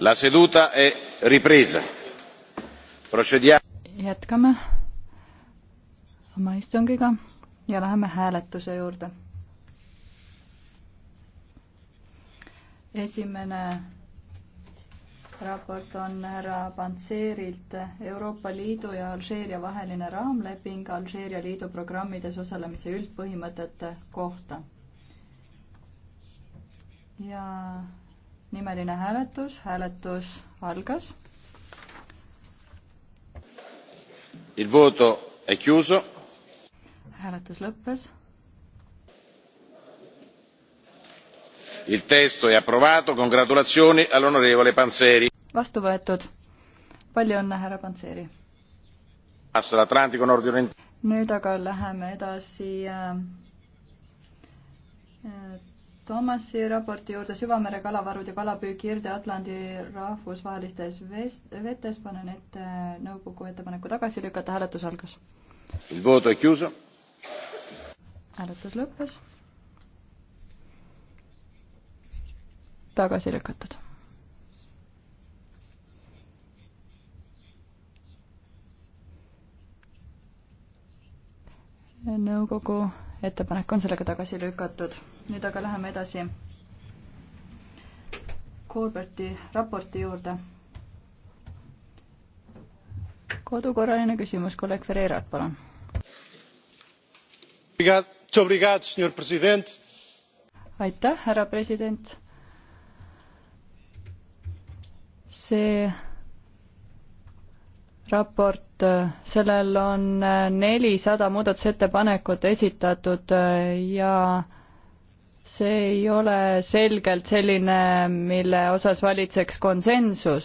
la seduta è ripresa procediamo jätkame oma istungiga ja läheme hääletuse juurde esimene raport on härra Panserilt Euroopa Liidu ja Alžeeria vaheline raamleping Alžeeria Liidu programmides osalemise üldpõhimõtete kohta ja nimeline hääletus, hääletus algas. Il voto è chiuso. hääletus lõppes. Il testo è approvato, congratulazioni all'onorevole Panzeri. vastu võetud. palju õnne, härra Panzeri. nüüd aga läheme edasi äh, äh, Toomasi raporti juurde süvamere kalavarud ja kalapüük Irde-Atlandi rahvusvahelistes vest-, vetes panen ette nõukogu ettepaneku tagasi lükata, hääletus algas. hääletus lõppes. tagasi lükatud. nõukogu ettepanek on sellega tagasi lükatud. nüüd aga läheme edasi Colberti raporti juurde. kodukorraline küsimus, kolleeg Ferreirat, palun. aitäh, härra president. see raport, sellel on nelisada muudatusettepanekut esitatud ja see ei ole selgelt selline, mille osas valitseks konsensus.